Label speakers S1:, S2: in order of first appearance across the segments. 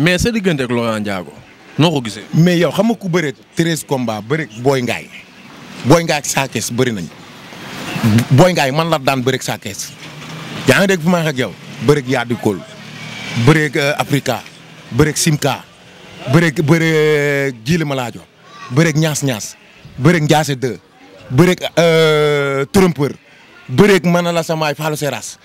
S1: mais sa diggante ak jaago noo ko gisee. mais yow xam nga ku bëree treize combats bëri booy Ngaay booy Ngaay ak Sa Thiès bëri nañ Boy Ngaay man la daan bëri ak yaa ngi dégg fu ma ak yow bëri ak Yadi Kool bëri ak euh, Africa bëri ak Simka bëri ak bëri ak Jili Malaajo bëri ak Ñaas Ñaas bëri ak Ndiasse 2 la samaay Fallou Seras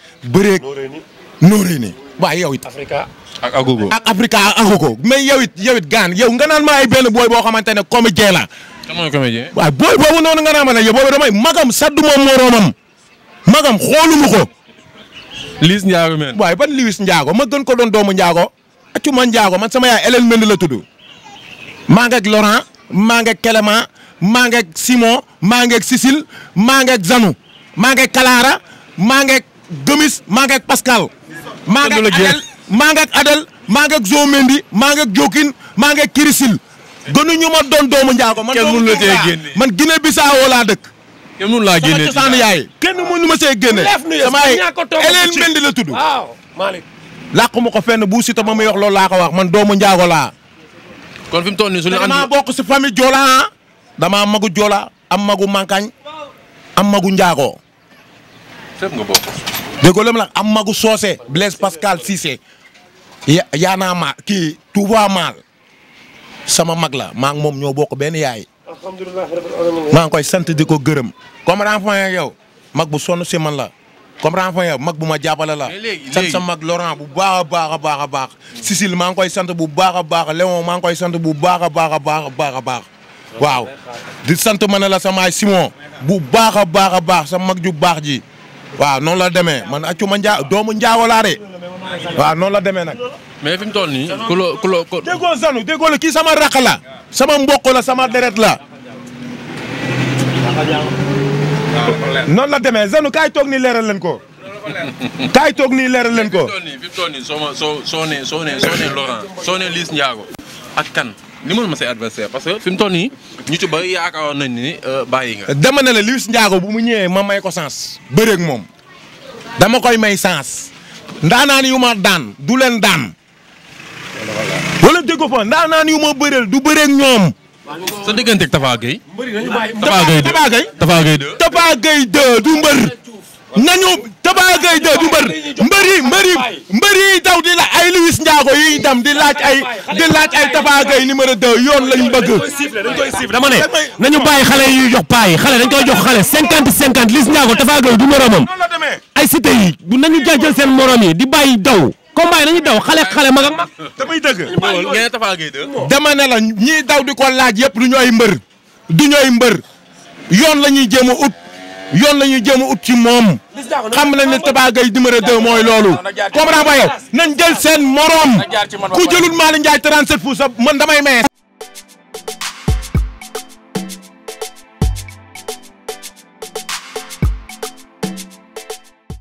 S1: nóoree ni waaye yow it. Africa Agogo ak Africa ak yow it yow it gaan yow nga naan ma ay booy boo xamante ne comédien la. booy boobu noonu nga naan ma ne damay magam saddu moom moroomam magam xooluma Liis Ndiago men waaye ban Liis Ndiago ma gën ko doon doomu Ndiago accu ma man sama yaay Hélène Mendy la tudd maa ngi Laurent maa ngi ak Simon maa ngi ak Cécile maa ngi ak Gomis maa ngi ak maa ngi ak Adel maa ngi ak Adel maa ngi ak maa ngi ak Jokin maa ngi ak Kirisil. gënuñu ma doon doomu njaago man kenn mënu la tee laa dëkk. kenn mënu laa génne sama cosaan yaay. kenn mënu ma see génne. sama ay Hélène Mendy la tudd. waaw Malick. ma ko fenn bu Siteu ma muy wax loolu laa ko wax man doomu njaago laa. kon fi mu toll nii suñu andi damaa bokk si famille Joola ah. damaa magu Joola am magu Mankañ am magu Njaago. fépp nga bokk. déggoo la nag am magu soose Blaise Pascal Cissé yaa naa ma kii Touba Maal sama mag la maa ngi moom ñoo bokk benn yaay. maa ngi koy sant di ko gërëm. comprends point yow mag bu sonn si man la comprends point yow mag bu ma jàppale la. sant mag Laurent bu baax a baax a baax a baax. Cécile maa ngi koy sant bu baax a baax Léon maa ngi koy sant bu baax a baax a baax a baax. waaw di sant ma ne la samaay Simon bu baax a baax a baax sa mag ju baax ji. waaw noonu la demee man accuma njaa doomu njaago laa de waaw noonu la demee nag. mais fi tool toll nii. ku loo ku loo ko. déggoo Zanu kii sama rakk la. sama mbokk la sama deret la. noonu la demee Zanu kaay toog nii leeral leen ko. kaay toog nii leeral leen ko. fi mu toll soo nee soo nee soo nee ak kan. limal ma say adversaire parce que fi mu toll nii ñu ci bëri yaakaaroon nañ ni euh, bàyyi nga. dama ne la Liss Ndiago bu mu ñëwee ma may ko sens bëreeg moom dama koy may sens ndaanaan yu ma daan du leen daan. wala déggoo fa ndaanaan yu ma bëreel du bëreeg ñoom. sa digganteeg Tafa Gueye. mbëri nañu nañu. Tafa Gueye de du mbër mbër yi mbër yi mbër yi daw di la ay Luis Ndiago yi dem di laaj ay di laaj ay Tafa numéro 2 yoon lañ bëgg. dama ne nañu bàyyi xale yi jox paa yi xale dañ koy jox xale cinquante cinquante 50 Luis Ndiago Tafa Gueye du moromam ay cité yi bu nañu jajal seen morom yi di bàyyi daw. combat yi nañu daw xale xale mag ak mag. damay dëgg. ngeen Tafa Gueye de. dama ne la ñii daw di ko laaj yëpp du ñooy mbër du ay mbër yoon la ñuy jéem a ut. yoon la ñuy jëm ut ci moom xam nañ ne Tapha Gueye numéro 2 loolu. comprends ba yow nañ jël seen morom ku jëlul Malick Ndiaye 37 pour sa man damay maye.